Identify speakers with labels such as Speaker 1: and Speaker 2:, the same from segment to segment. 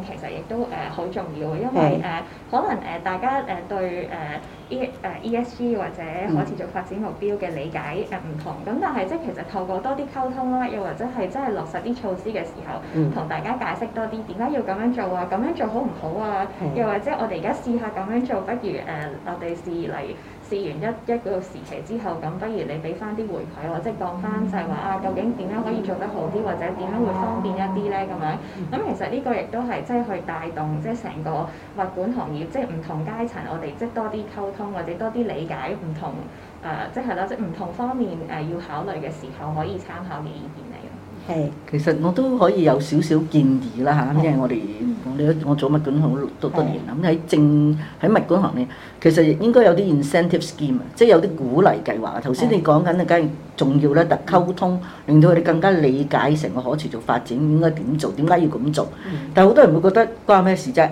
Speaker 1: 其實亦都誒好重要，因為誒是的 可能誒大家誒對誒 ESG 或者可持續發展目標嘅理解誒唔同，咁、嗯、但係即係其實透過多啲溝通啦，又或者係真係落實啲措施嘅時候，同、嗯、大家解釋多啲點解要咁樣做啊，咁樣做好唔好啊？是的 又或者我哋而家試下咁樣做，不如誒落地試，例試完一一嗰個時期之後，咁不如你俾翻啲回饋我，即係當翻就係話啊，究竟點樣可以做得好啲，或者點樣會方便一啲咧？咁樣咁其實呢個亦都係即係去帶動即係成個物管行業，即係唔同階層，我哋即係多啲溝通或者多啲理解唔同誒，即係啦，即係唔同方面誒、呃、要考慮嘅時候可以參考嘅意見嚟
Speaker 2: 嘅。係，其實我都可以有少少建議啦嚇，因為我哋我哋我做物管好多多年咁，喺正喺物管行業，其實應該有啲 incentive scheme，即係有啲鼓勵計劃。頭先你講緊嘅梗係重要啦，特溝通，令到佢哋更加理解成個可持續發展應該點做，點解要咁做。但係好多人會覺得關咩事啫，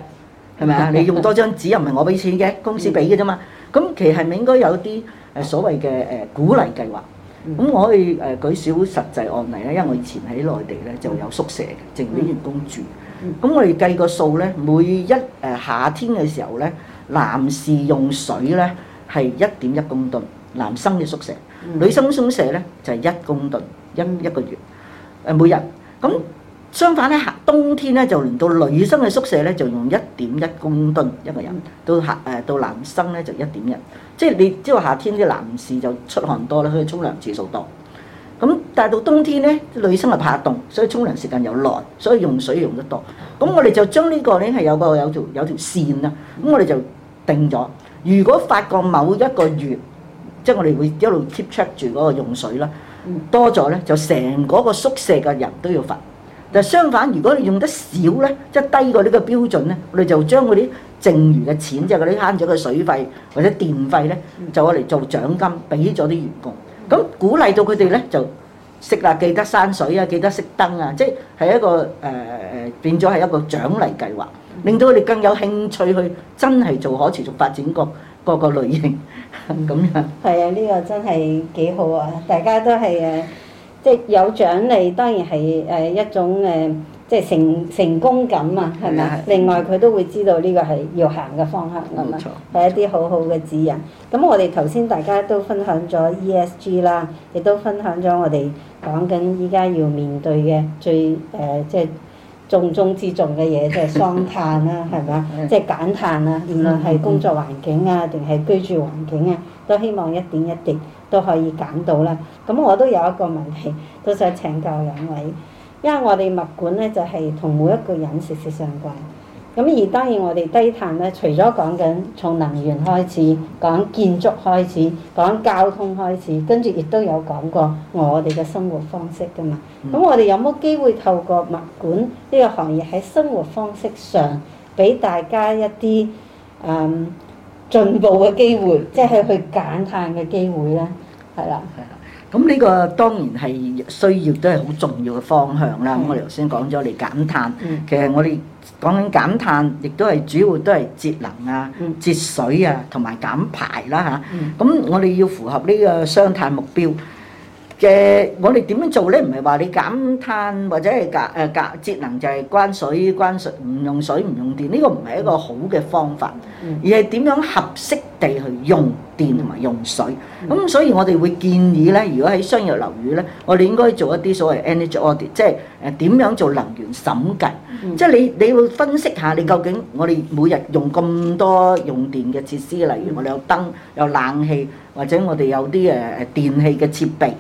Speaker 2: 係咪啊？你用多張紙又唔係我俾錢嘅，公司俾嘅啫嘛。咁其實係咪應該有啲誒所謂嘅誒鼓勵計劃？咁我可以誒舉少實際案例咧，因為我以前喺內地咧就有宿舍嘅，淨俾員工住。咁、嗯、我哋計個數咧，每一誒夏天嘅時候咧，男士用水咧係一點一公噸，男生嘅宿舍；嗯、女生宿舍咧就係一公噸，因一個月誒每日。咁相反咧，冬天咧就連到女生嘅宿舍咧就用一點一公噸一個人，到夏誒到男生咧就一點一，即係你知道夏天啲男士就出汗多啦，所以沖涼次數多。咁但係到冬天咧，女生又怕凍，所以沖涼時間又耐，所以用水用得多。咁我哋就將呢個咧係有個有條有條線啦。咁我哋就定咗，如果發覺某一個月，即係我哋會一路 keep check 住嗰個用水啦，多咗咧就成嗰個宿舍嘅人都要罰。但相反，如果你用得少咧，即係低過呢個標準咧，我哋就將嗰啲剩餘嘅錢，即係嗰啲慳咗嘅水費或者電費咧，就攞嚟做獎金，俾咗啲員工。咁鼓勵到佢哋咧，就識啦，記得慳水啊，記得熄燈啊，即係一個誒誒、呃，變咗係一個獎勵計劃，令到佢哋更有興趣去真係做可持續發展各各個類型咁樣。
Speaker 3: 係啊，呢、這個真係幾好啊！大家都係誒。即係有獎勵，當然係誒一種誒，即係成成功感啊，係咪？的另外佢都會知道呢個係要行嘅方向，係咪錯？係一啲好好嘅指引。咁我哋頭先大家都分享咗 ESG 啦，亦都分享咗我哋講緊依家要面對嘅最誒、呃，即係重中之重嘅嘢，即係雙碳啦，係咪 即係減碳啊，無論係工作環境啊，定係居住環境啊，都希望一點一滴。都可以揀到啦。咁我都有一個問題，都想請教兩位。因為我哋物管呢，就係同每一個人息息相關。咁而當然我哋低碳呢，除咗講緊從能源開始，講建築開始，講交通開始，跟住亦都有講過我哋嘅生活方式噶嘛。咁我哋有冇機會透過物管呢個行業喺生活方式上，俾大家一啲誒、嗯、進步嘅機會，即係去減碳嘅機會呢？係啦，係啦。咁呢個當然係需要，都係
Speaker 2: 好重要嘅方向啦。咁、嗯、我哋頭先講咗嚟減碳，嗯、其實我哋講緊減碳，亦都係主要都係節能啊、嗯、節水啊，同埋減排啦、啊、吓，咁、嗯、我哋要符合呢個雙碳目標。嘅，我哋點樣做咧？唔係話你減碳或者係隔誒隔節能就係關水、關水唔用水唔用電。呢、這個唔係一個好嘅方法，嗯、而係點樣合適地去用電同埋、嗯、用水。咁、嗯、所以我哋會建議咧，如果喺商業樓宇咧，我哋應該做一啲所謂 energy audit，即係誒點樣做能源審計，即係、嗯、你你要分析下你究竟我哋每日用咁多用電嘅設施，例如我哋有燈有冷氣。或者我哋有啲誒誒電器嘅設備，咁、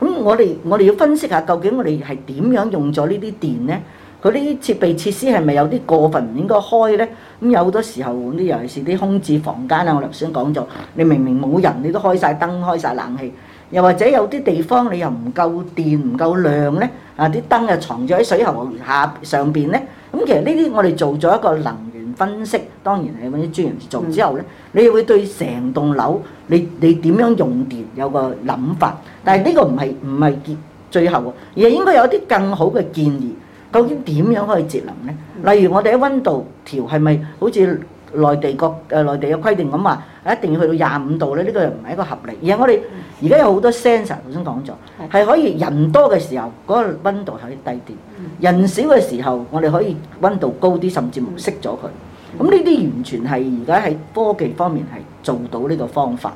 Speaker 2: 嗯、我哋我哋要分析下究竟我哋係點樣用咗呢啲電呢？佢啲設備設施係咪有啲過分唔應該開呢？咁有好多時候啲，尤其是啲空置房間啊，我頭先講咗，你明明冇人，你都開晒燈開晒冷氣，又或者有啲地方你又唔夠電唔夠亮呢，啊啲燈又藏咗喺水喉下上邊呢。咁其實呢啲我哋做咗一個能分析當然係揾啲專業人做之後咧，你會對成棟樓你你點樣用電有個諗法，但係呢個唔係唔係結最後喎，而係應該有啲更好嘅建議。究竟點樣可以節能咧？例如我哋喺温度調係咪好似？內地各誒內地嘅規定咁話，一定要去到廿五度咧，呢個又唔係一個合理。而我哋而家有好多 sensor，頭先講咗，係可以人多嘅時候，嗰個温度可以低啲；人少嘅時候，我哋可以温度高啲，甚至無熄咗佢。咁呢啲完全係而家喺科技方面係做到呢個方法。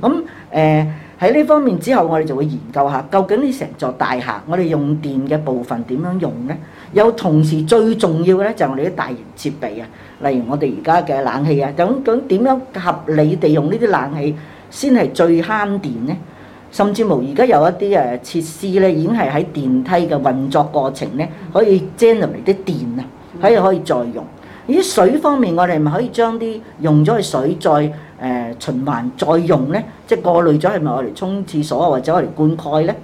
Speaker 2: 咁誒喺呢方面之後，我哋就會研究下，究竟呢成座大廈，我哋用電嘅部分點樣用咧？有同時最重要嘅咧，就係我哋啲大型設備啊，例如我哋而家嘅冷氣啊，咁咁點樣合理地用呢啲冷氣先係最慳電咧？甚至乎而家有一啲誒設施咧，已經係喺電梯嘅運作過程咧，可以 generate 入嚟啲電啊，可以可以再用。而水方面，我哋咪可以將啲用咗嘅水再。誒、呃、循環再用咧，即係過濾咗係咪我嚟沖廁所啊，或者我嚟灌溉咧？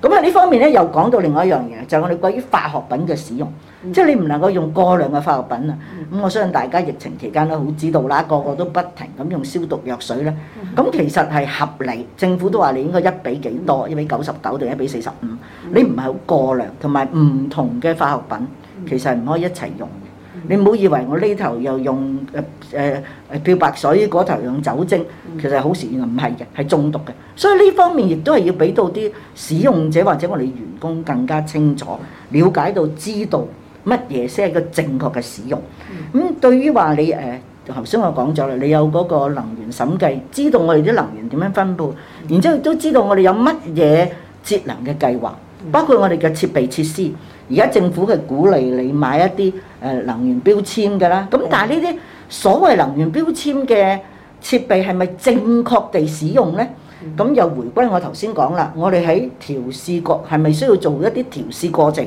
Speaker 2: 咁喺呢方面咧，又講到另外一樣嘢，就係、是、我哋關於化學品嘅使用，嗯、即係你唔能夠用過量嘅化學品啊。咁、嗯、我相信大家疫情期間都好知道啦，個個都不停咁用消毒藥水咧。咁、嗯、其實係合理，政府都話你應該一比幾多？嗯、一比九十九定一比四十五？你唔係好過量，同埋唔同嘅化學品其實係唔可以一齊用。你唔好以為我呢頭又用誒誒誒漂白水，嗰頭用酒精，其實好時原來唔係嘅，係中毒嘅。所以呢方面亦都係要俾到啲使用者或者我哋員工更加清楚，了解到知道乜嘢先係個正確嘅使用。咁對於話你誒頭先我講咗啦，你有嗰個能源審計，知道我哋啲能源點樣分配，然之後都知道我哋有乜嘢節能嘅計劃，包括我哋嘅設備設施。而家政府係鼓勵你買一啲誒能源標籤㗎啦，咁但係呢啲所謂能源標籤嘅設備係咪正確地使用咧？咁又回歸我頭先講啦，我哋喺調試過係咪需要做一啲調試過程？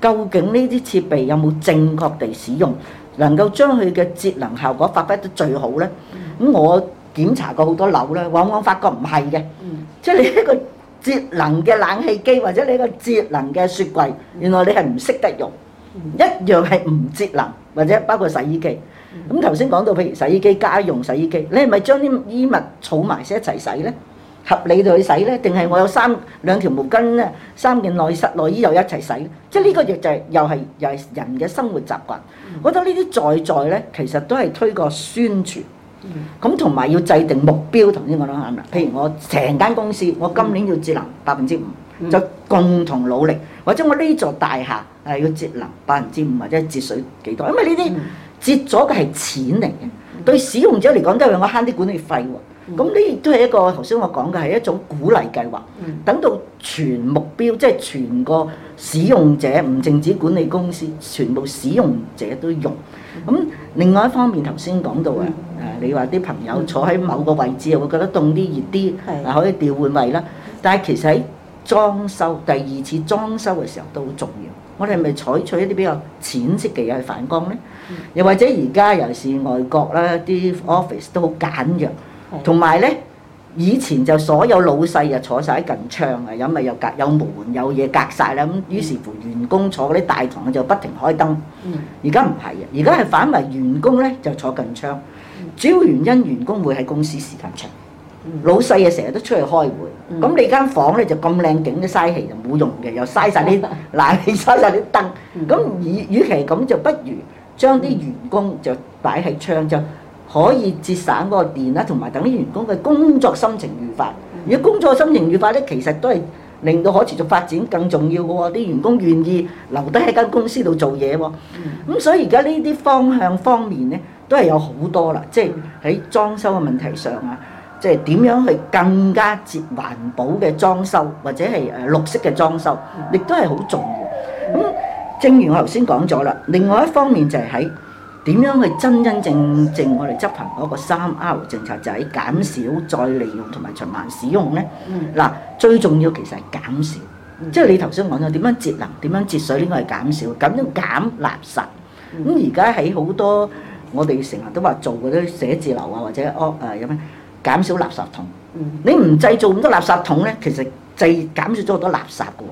Speaker 2: 究竟呢啲設備有冇正確地使用，能夠將佢嘅節能效果發揮得最好咧？咁我檢查過好多樓咧，往往發覺唔係嘅，即係你一個。節能嘅冷氣機或者你個節能嘅雪櫃，原來你係唔識得用，一樣係唔節能，或者包括洗衣機。咁頭先講到譬如洗衣機，家用洗衣機，你係咪將啲衣物儲埋先一齊洗咧？合理到去洗咧，定係我有三兩條毛巾咧，三件內襯內衣又一齊洗？即係呢個亦就係、係、又係又係人嘅生活習慣。嗯、我覺得呢啲在在咧，其實都係推過宣傳。咁同埋要制定目標，同呢我諗下啦。譬如我成間公司，我今年要節能百分之五，就共同努力，或者我呢座大廈係要節能百分之五，或者節水幾多？因為呢啲節咗嘅係錢嚟嘅，對使用者嚟講都係我慳啲管理費喎。咁呢亦都係一個頭先我講嘅係一種鼓勵計劃。嗯、等到全目標，即係、嗯、全個使用者唔淨止管理公司，全部使用者都用。咁、嗯嗯、另外一方面，頭先講到、嗯、啊，誒你話啲朋友坐喺某個位置又會覺得凍啲熱啲，係是可以調換位啦。但係其實喺裝修第二次裝修嘅時候都好重要。我哋係咪採取一啲比較淺色嘅嘢去反光咧？又、嗯嗯、或者而家尤其是外國啦，啲 office 都好簡約。同埋咧，以前就所有老細又坐晒喺近窗啊，有咪有隔有門有嘢隔晒啦，咁於是乎員工坐嗰啲大堂就不停開燈。而家唔係啊，而家係反為員工咧就坐近窗。主要原因員工會喺公司時間長，老細啊成日都出去開會，咁、嗯、你間房咧就咁靚景都嘥氣，氣，就冇用嘅，又嘥晒啲冷氣，嗱，你嘥晒啲燈。咁與、嗯、與其咁就不如將啲員工就擺喺窗就。可以節省嗰個電啦，同埋等啲員工嘅工作心情愉快。如果工作心情愉快咧，其實都係令到可持續發展更重要㗎喎。啲員工願意留低喺間公司度做嘢喎。咁所以而家呢啲方向方面咧，都係有好多啦。即係喺裝修嘅問題上啊，即係點樣去更加節環保嘅裝修，或者係誒綠色嘅裝修，亦都係好重要。咁正如我頭先講咗啦，另外一方面就係喺點樣去真真正正我哋執行嗰個三 R 政策，就係減少、再利用同埋循環使用咧。嗱、嗯，最重要其實係減少，嗯、即係你頭先講咗點樣節能、點樣節水，呢個係減少，咁樣減減垃圾。咁而家喺好多我哋成日都話做嗰啲寫字樓啊，或者屋誒有咩減少垃圾桶。嗯、你唔製造咁多垃圾桶咧，其實製減少咗好多垃圾噶。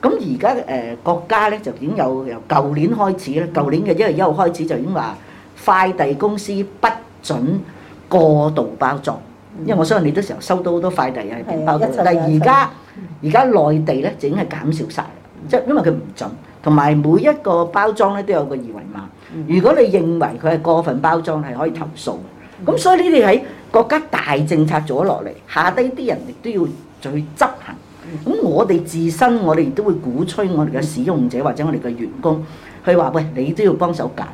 Speaker 2: 咁而家誒國家咧就已經有由舊年開始咧，舊、嗯、年嘅一月一號開始就已經話快遞公司不准過度包裝，嗯、因為我相信你都時候收到好多快遞又邊包裝，的但係而家而家內地咧整係減少晒，即係、嗯、因為佢唔準，同埋每一個包裝咧都有個二維碼，嗯、如果你認為佢係過分包裝係可以投訴嘅，咁、嗯、所以呢啲喺國家大政策做咗落嚟，下低啲人亦都要再去執行。咁我哋自身，我哋亦都會鼓吹我哋嘅使用者或者我哋嘅員工，去話喂，你都要幫手減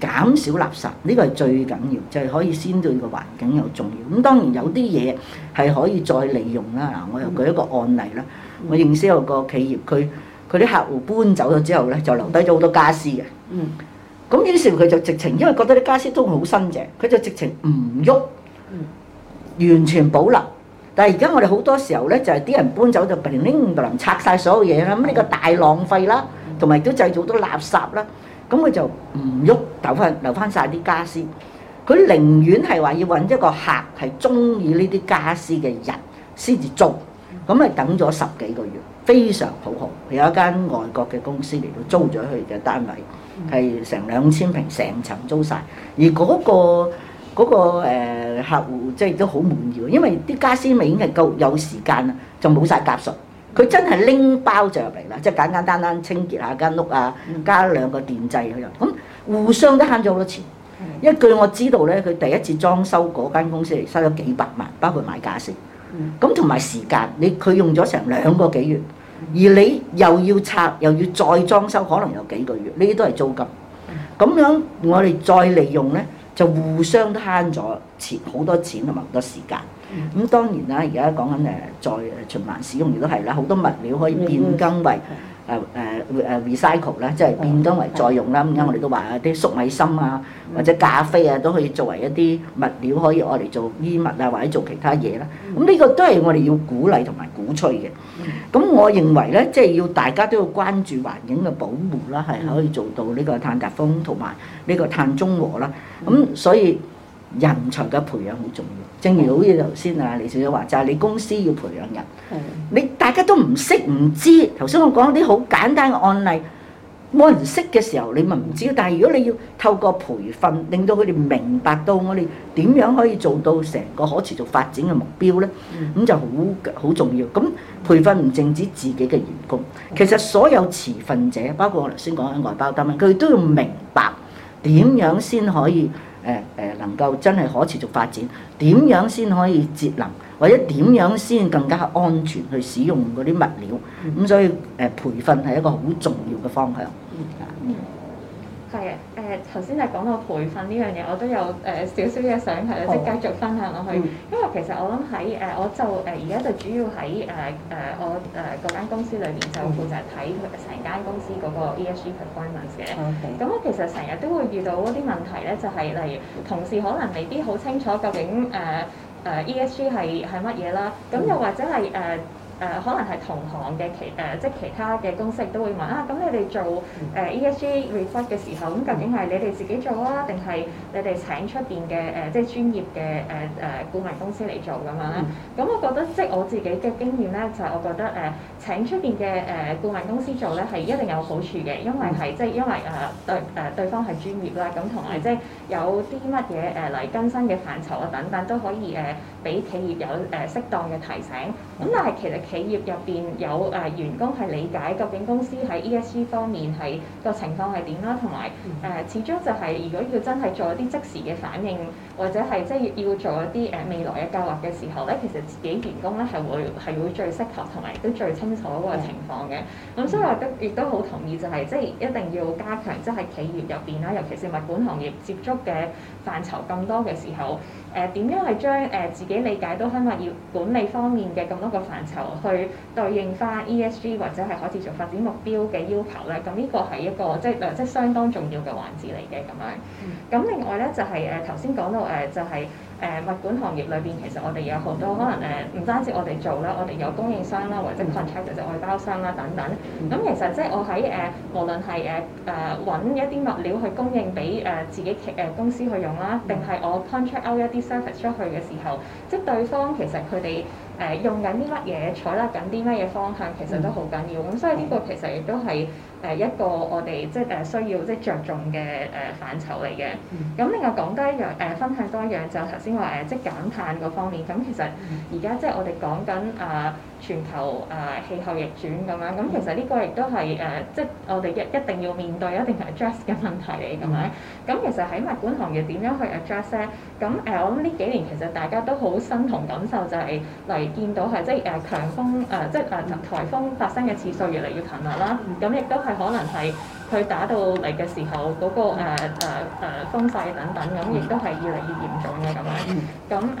Speaker 2: 減少垃圾，呢個係最緊要，就係可以先對個環境有重要。咁當然有啲嘢係可以再利用啦。嗱，我又舉一個案例啦。我認識有一個企業，佢佢啲客戶搬走咗之後咧，就留低咗好多家私嘅。嗯。咁於是佢就直情，因為覺得啲家私都好新淨，佢就直情唔喐，完全保留。但係而家我哋好多時候咧，就係啲人搬走就平拎就臨拆晒所有嘢啦，咁呢個大浪費啦、啊，同埋都製造多垃圾啦。咁佢就唔喐，留翻留翻曬啲家私。佢寧願係話要揾一個客係中意呢啲家私嘅人先至租。咁咪等咗十幾個月，非常好好。有一間外國嘅公司嚟到租咗佢嘅單位，係成兩千平成層租晒。而嗰、嗰個嗰、那個、呃、客戶即係都好滿意，因為啲家私咪已經係夠有時間啦，就冇晒夾水。佢真係拎包就入嚟啦，即係簡簡單單清，清潔下間屋啊，加兩個電掣咁樣。咁互相都慳咗好多錢。一據我知道咧，佢第一次裝修嗰間公司收咗幾百萬，包括買家私。咁同埋時間，你佢用咗成兩個幾月，而你又要拆又要再裝修，可能有幾個月，呢啲都係租金。咁樣我哋再利用咧。就互相都慳咗錢好多錢同埋好多時間，咁、嗯、當然啦，而家講緊誒在，在循環使用亦都係啦，好多物料可以變更為。嗯嗯誒誒誒 recycle 啦，即係變咗為作用啦。咁而、嗯、我哋都話啲粟米芯啊，嗯、或者咖啡啊，都可以作為一啲物料，可以攞嚟做衣物啊，或者做其他嘢啦、啊。咁呢、嗯、個都係我哋要鼓勵同埋鼓吹嘅。咁、嗯、我認為咧，即、就、係、是、要大家都要關注環境嘅保護啦，係可以做到呢個碳達峯同埋呢個碳中和啦。咁、嗯嗯、所以。人才嘅培養好重要，正如好似頭先啊李小姐話，就係你公司要培養人，你大家都唔識唔知。頭先我講啲好簡單嘅案例，冇人識嘅時候，你咪唔知。但係如果你要透過培訓，令到佢哋明白到我哋點樣可以做到成個可持續發展嘅目標咧，咁、嗯、就好好重要。咁培訓唔淨止自己嘅員工，其實所有持份者，包括我頭先講嘅外包單位，佢都要明白點樣先可以。誒能夠真係可持續發展，點樣先可以節能，或者點樣先更加安全去使用嗰啲物料？咁所以誒培訓係一個好重要嘅方向。
Speaker 1: 係啊，誒頭先係講到培訓呢樣嘢，我都有誒少少嘅想係，即係繼續分享落去。嗯、因為其實我諗喺誒，我就誒而家就主要喺誒誒我誒嗰間公司裏面就負責睇成間公司嗰個 ESG performance 嘅。咁、嗯、我其實成日都會遇到一啲問題咧，就係、是、例如同事可能未必好清楚究竟誒誒 ESG 係係乜嘢啦。咁又或者係誒。呃誒、呃、可能係同行嘅其誒、呃，即係其他嘅公司都會問啊，咁、嗯、你哋做誒、呃、ESG reflect 嘅時候，咁究竟係你哋自己做啊，定係你哋請出面嘅誒，即係專業嘅誒誒顧問公司嚟做咁樣咧？咁、嗯嗯嗯嗯、我覺得即係我自己嘅經驗咧，就係、是、我覺得誒、呃、請出面嘅誒顧問公司做咧，係一定有好處嘅，因為係即係因為誒、呃、對誒、呃、對方係專業啦，咁、嗯、同埋即係有啲乜嘢誒嚟更新嘅範疇啊等等都可以誒，俾、呃、企業有誒適當嘅提醒。咁但係其實，企業入邊有誒員工係理解，究竟公司喺 ESG 方面係個情況係點啦，同埋誒，始終就係如果要真係做一啲即時嘅反應。或者係即係要做一啲誒未來嘅計劃嘅時候咧，其實自己員工咧係會係會最適合同埋都最清楚嗰個情況嘅。咁所以我都亦都好同意，就係即係一定要加強，即係企業入邊啦，尤其是物管行業接觸嘅範疇咁多嘅時候，誒、呃、點樣係將誒、呃、自己理解到喺物業管理方面嘅咁多個範疇去對應翻 ESG 或者係可持續發展目標嘅要求咧？咁呢個係一個即係即係相當重要嘅環節嚟嘅咁樣。咁另外咧就係誒頭先講到。誒、呃、就係、是、誒、呃、物管行業裏邊，其實我哋有好多可能誒，唔、呃、單止我哋做啦，我哋有供應商啦，或者 contractor 外包商啦等等。咁、嗯、其實即係我喺誒、呃，無論係誒誒揾一啲物料去供應俾誒自己企、呃、公司去用啦，定係我 contract out 一啲 service 出去嘅時候，嗯、即對方其實佢哋誒用緊啲乜嘢，採納緊啲乜嘢方向，其實都好緊要。咁、嗯、所以呢個其實亦都係。誒一個我哋即係誒需要即係著重嘅誒範疇嚟嘅。咁另外講多一樣誒，分享多一樣就頭先話誒，即係減碳嗰方面。咁其實而家即係我哋講緊啊，全球啊氣候逆轉咁樣。咁其實呢個亦都係誒，即係我哋一一定要面對、一定係 address 嘅問題嚟噉樣。咁其實喺物管行業點樣去 address 咧？咁誒，我諗呢幾年其實大家都好身同感受、就是，就嚟嚟見到係即係誒、啊、強風誒、啊，即係誒颱風發生嘅次數越嚟越頻密啦。咁亦都～係可能係佢打到嚟嘅時候，嗰、那個誒誒誒風勢等等，咁亦都係越嚟越嚴重嘅咁樣。咁誒誒，咁、啊、誒、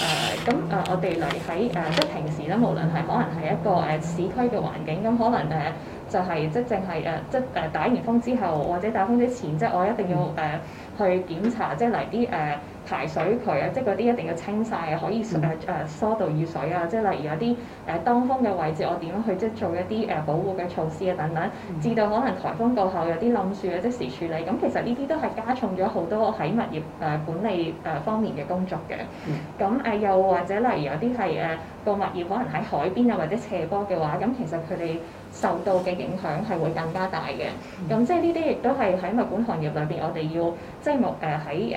Speaker 1: 啊啊啊、我哋嚟喺誒即係平時咧，無論係可能係一個誒、啊、市區嘅環境，咁可能誒、啊、就係、是、即係淨係誒即係打完風之後，或者打風之前，即係我一定要誒、啊、去檢查，即係嚟啲誒。啊排水渠啊，即係嗰啲一定要清晒，啊，可以誒誒疏導雨水啊，即係例如有啲誒當風嘅位置，我點樣去即係做一啲誒保護嘅措施啊等等，至到可能颱風過後有啲冧樹啊，即時處理。咁、嗯、其實呢啲都係加重咗好多喺物業誒管理誒方面嘅工作嘅。咁誒又或者例如有啲係誒個物業可能喺海邊啊或者斜坡嘅話，咁其實佢哋受到嘅影響係會更加大嘅。咁即係呢啲亦都係喺物管行業裏邊，我哋要即係目誒喺誒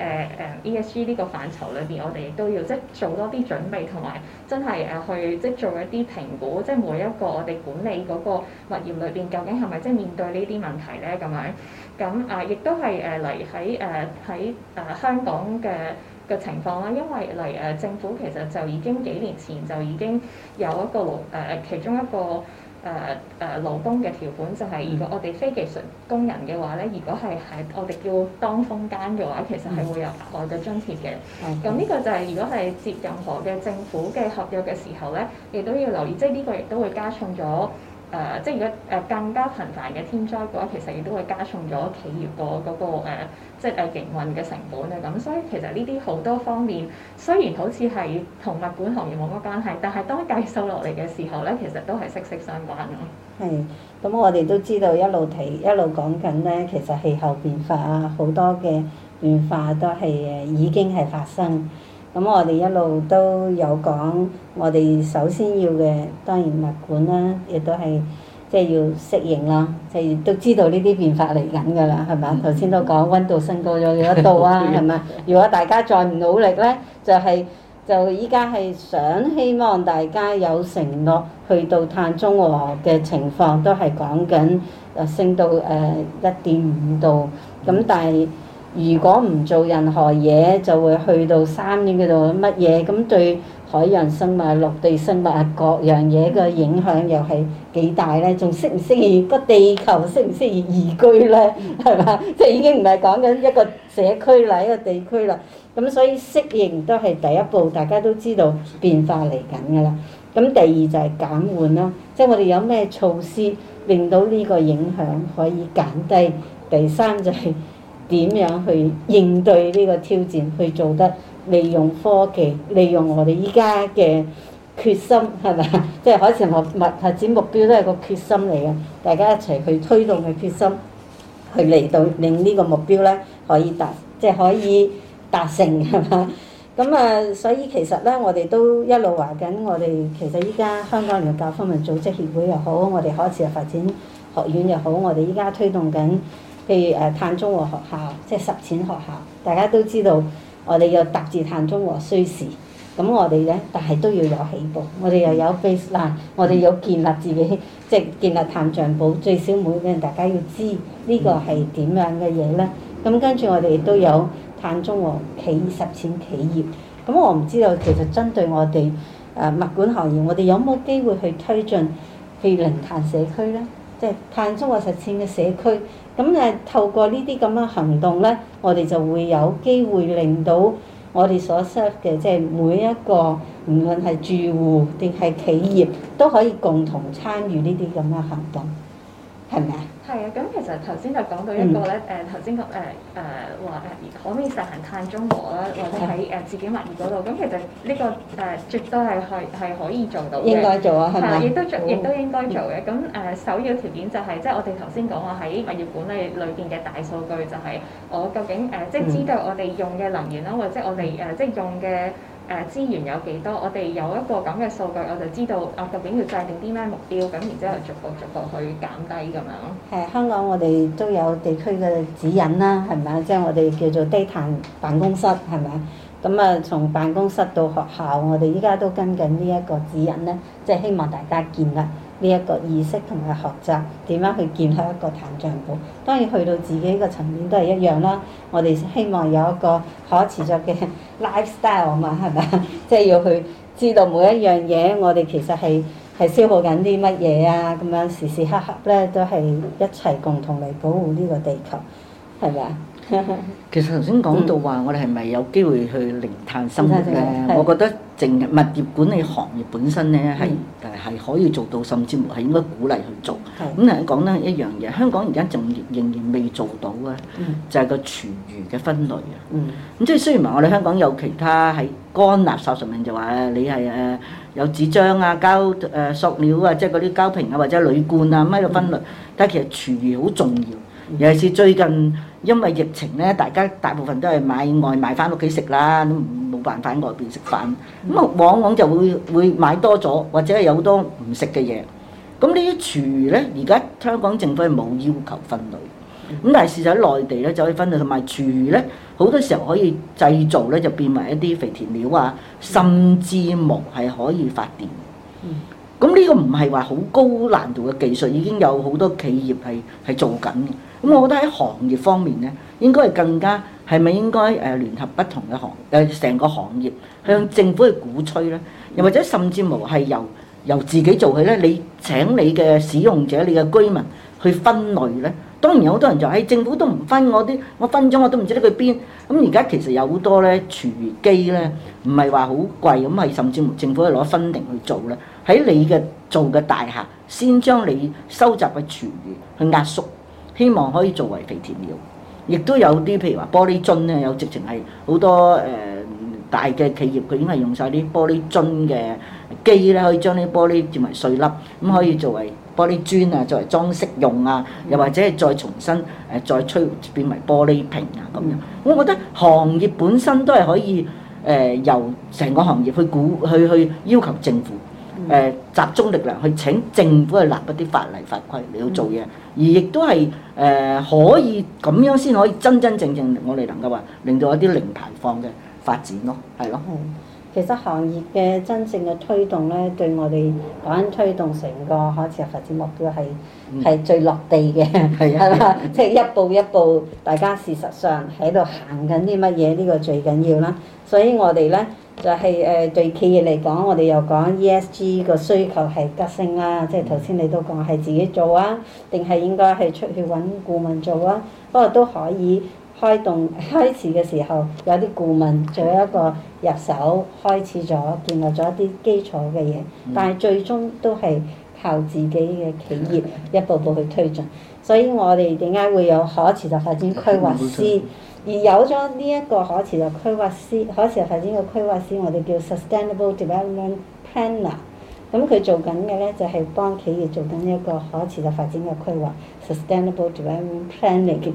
Speaker 1: 誒 ESG 呢呢個範疇裏邊，我哋亦都要即係做多啲準備，同埋真係誒去即係做一啲評估，即係每一個我哋管理嗰個物業裏邊，究竟係咪即係面對呢啲問題咧？咁樣咁啊，亦都係誒嚟喺誒喺誒香港嘅嘅情況啦。因為嚟誒、啊、政府其實就已經幾年前就已經有一個誒、啊、其中一個。誒誒、呃呃、勞工嘅條款就係，如果我哋非技術工人嘅話咧，如果係係我哋叫當風間嘅話，其實係會有額外嘅津貼嘅。咁呢、嗯、個就係如果係接任何嘅政府嘅合約嘅時候咧，亦都要留意，即係呢個亦都會加重咗。誒，即係如果誒更加頻繁嘅天災嘅話，其實亦都會加重咗企業、嗰個嗰個、啊、即係誒營運嘅成本啊。咁所以其實呢啲好多方面，雖然好似係同物管行業冇乜關係，但係當計數落嚟嘅時候咧，其實都係息息相關咯。係，
Speaker 3: 咁我哋都知道一路睇一路講緊咧，其實氣候變化啊，好多嘅變化都係誒已經係發生。咁我哋一路都有講，我哋首先要嘅當然物管啦，亦都係即係要適應啦，即係都知道呢啲變化嚟緊㗎啦，係咪？頭先都講溫度升高咗幾多度啊，係咪？ 如果大家再唔努力咧，就係、是、就依家係想希望大家有承諾，去到碳中和嘅情況都係講緊誒升到誒一點五度，咁但係。如果唔做任何嘢，就會去到三年嗰度乜嘢咁，對海洋生物、陸地生物各樣嘢嘅影響又係幾大呢？仲適唔適宜個地球，適唔適宜移居呢？係嘛，即係已經唔係講緊一個社區啦，一個地區啦。咁所以適應都係第一步，大家都知道變化嚟緊㗎啦。咁第二就係減緩囉，即係我哋有咩措施令到呢個影響可以減低。第三就係、是。點樣去應對呢個挑戰？去做得利用科技，利用我哋依家嘅決心，係咪？即係海事學物發展目標都係個決心嚟嘅，大家一齊去推動佢決心，去嚟到令呢個目標咧可以達，即係可以達成，係咪？咁啊，所以其實咧，我哋都一路話緊，我哋其實依家香港人嘅教科文組織協會又好，我哋海事發展學院又好，我哋依家推動緊。譬如誒碳中和學校，即係實踐學校，大家都知道我哋有達至碳中和需時，咁我哋咧，但係都要有起步，我哋又有 baseline，我哋有建立自己，即係建立碳帳簿，最少每個人大家要知呢個係點樣嘅嘢咧。咁跟住我哋都有碳中和企業，實踐企業。咁我唔知道，其實針對我哋誒物管行業，我哋有冇機會去推進譬如零碳社區咧？即係碳中和實踐嘅社區。咁誒，透過呢啲咁嘅行動咧，我哋就會有機會令到我哋所 serve 嘅，即係每一個，唔論係住戶定係企業，都可以共同參與呢啲咁嘅行動，
Speaker 2: 係咪啊？
Speaker 1: 係啊，咁其實頭先就講到一個咧，誒頭先講誒誒話誒可唔可以實行碳中和啦，或者喺誒自己物業嗰度，咁的其實呢個誒絕對係係係可以做到嘅。應該做啊，係咪？亦都做，亦好都應該做嘅。咁誒、嗯、首要條件就係、是，即係我哋頭先講話喺物業管理裏邊嘅大數據、就是，就係我究竟誒即係知道我哋用嘅能源啦，嗯、或者我哋誒即係用嘅。誒資源有幾多？我哋有一個
Speaker 3: 咁嘅數據，我就知道啊，究竟要制定啲咩目標？咁然之後逐步逐步去減低咁樣咯。係香港，我哋都有地區嘅指引啦，係咪啊？即係我哋叫做低碳辦公室，係咪啊？咁啊，從辦公室到學校，我哋依家都跟緊呢一個指引咧，即係希望大家見啦。呢一個意識同埋學習點樣去建立一個碳帳簿，當然去到自己個層面都係一樣啦。我哋希望有一個可持續嘅 lifestyle 嘛，係咪？即係要去知道每一樣嘢，我哋其實係係消耗緊啲乜嘢啊？咁樣時時刻刻咧都係一齊共同嚟保護呢個地球，係咪啊？其實頭先講
Speaker 2: 到話，我哋係咪有機會去零碳生活咧？我覺得淨物業管理行業本身咧係係可以做到，甚至乎係應該鼓勵去做。咁嚟講得一樣嘢，香港而家仲仍然未做到啊，就係個廚餘嘅分類。
Speaker 3: 咁
Speaker 2: 即係雖然話我哋香港有其他喺乾垃圾上面就話你係誒有紙張啊、膠誒塑料啊，即係嗰啲膠瓶啊或者鋁罐啊咁樣嘅分類，但係其實廚餘好重要，尤其是最近。因為疫情咧，大家大部分都係買外賣翻屋企食啦，都冇辦法喺外邊食飯。咁啊，往往就會會買多咗，或者係有好多唔食嘅嘢。咁呢啲廚餘咧，而家香港政府係冇要求分類，咁但係事實喺內地咧就可以分類。同埋廚餘咧，好多時候可以製造咧就變為一啲肥田料啊，甚至木係可以發電。咁呢個唔係話好高難度嘅技術，已經有好多企業係係做緊。咁我覺得喺行業方面咧，應該係更加係咪應該誒、呃、聯合不同嘅行誒成個行業向政府去鼓吹咧？又或者甚至乎係由由自己做起咧？你請你嘅使用者、你嘅居民去分類咧。當然好多人就係、欸、政府都唔分我啲，我分咗我都唔知得佢邊。咁而家其實有好多咧廚餘機咧，唔係話好貴咁係，甚至乎政府係攞分定去做咧。喺你嘅做嘅大廈先將你收集嘅廚餘去壓縮。希望可以作為肥田料，亦都有啲譬如話玻璃樽咧，有直情係好多誒、呃、大嘅企業，佢已經係用晒啲玻璃樽嘅機咧，可以將啲玻璃轉為碎粒，咁、嗯嗯、可以作為玻璃磚啊，作為裝飾用啊，又或者係再重新誒、呃、再吹變為玻璃瓶啊咁樣。我覺得行業本身都係可以誒、呃、由成個行業去估，去去，去要求政府。誒集中力量去請政府去立一啲法例法規嚟到做嘢，嗯、而亦都係誒、呃、可以咁樣先可以真真正正我哋能夠話令到一啲零排放嘅發展咯，係咯、嗯。
Speaker 3: 其實行業嘅真正嘅推動咧，對我哋講推動成個海事嘅發展目標係係最落地嘅，係嘛？即係一步一步，大家事實上喺度行緊啲乜嘢，呢個最緊要啦。所以我哋咧。就係誒對企業嚟講，我哋又講 ESG 個需求係急升啦。即係頭先你都講係自己做啊，定係應該係出去搵顧問做啊？不過都可以開動開始嘅時候，有啲顧問做一個入手，開始咗建立咗一啲基礎嘅嘢，但係最終都係靠自己嘅企業一步步去推進。所以我哋點解會有可持續發展規劃師？ 而有咗呢一個可持續規劃師、可持續發展嘅規劃師，我哋叫 Sustainable Development Planner。咁佢做緊嘅呢，就係幫企業做緊一個可持續發展嘅規劃，Sustainable Development Planning。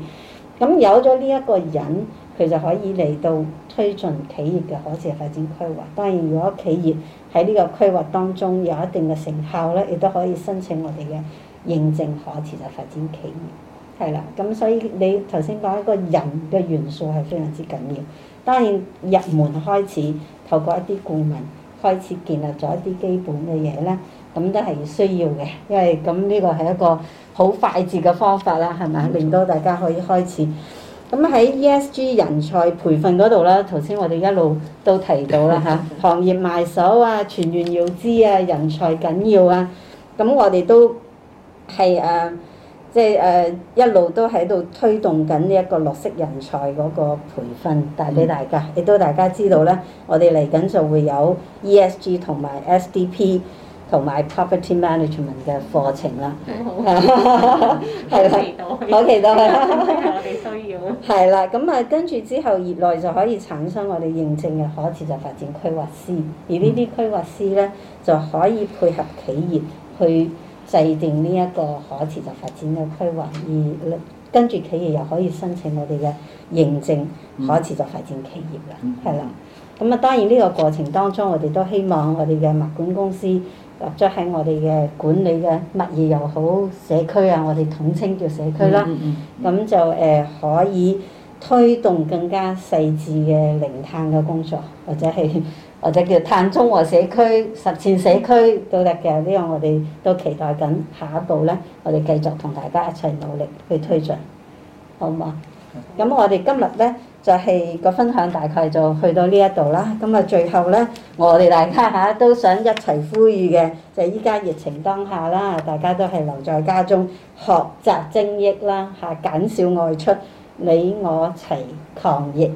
Speaker 3: 咁 有咗呢一個人，佢就可以嚟到推進企業嘅可持續發展規劃。當然，如果企業喺呢個規劃當中有一定嘅成效呢，亦都可以申請我哋嘅。認證可持續發展企業，係啦。咁所以你頭先講一個人嘅元素係非常之緊要。當然入門開始，透過一啲顧問開始建立咗一啲基本嘅嘢咧，咁都係需要嘅。因為咁呢個係一個好快捷嘅方法啦，係咪？令到大家可以開始。咁喺 ESG 人才培訓嗰度啦，頭先我哋一路都提到啦嚇，行業賣手啊，全員要知啊，人才緊要啊。咁我哋都係啊，即係誒一路都喺度推動緊呢一個綠色人才嗰個培訓，帶俾大家，亦都大家知道咧，我哋嚟緊就會有 ESG 同埋 SDP 同埋 Property Management 嘅課程啦。係
Speaker 1: 啦，好期待，好期待。我哋
Speaker 3: 需要係啦，咁啊，跟住之後業內就可以產生我哋認證嘅可持續發展規劃師，而呢啲規劃師咧就可以配合企業去制定呢一個可持續發展嘅規劃，而跟住企業又可以申請我哋嘅認證、嗯、可持續發展企業嘅，係啦、嗯。咁啊當然呢個過程當中，我哋都希望我哋嘅物管公司或者喺我哋嘅管理嘅物業又好社區啊，我哋統稱叫社區啦。咁、嗯嗯嗯、就誒可以推動更加細緻嘅零碳嘅工作，或者係。或者叫碳中和社區、實踐社區都得嘅，呢、這個我哋都期待緊下一步咧，我哋繼續同大家一齊努力去推進，好嘛？咁我哋今日咧就係、是那個分享，大概就去到呢一度啦。咁啊，最後咧，我哋大家吓都想一齊呼籲嘅，就係依家疫情當下啦，大家都係留在家中學習精益啦，吓減少外出，你我齊抗疫。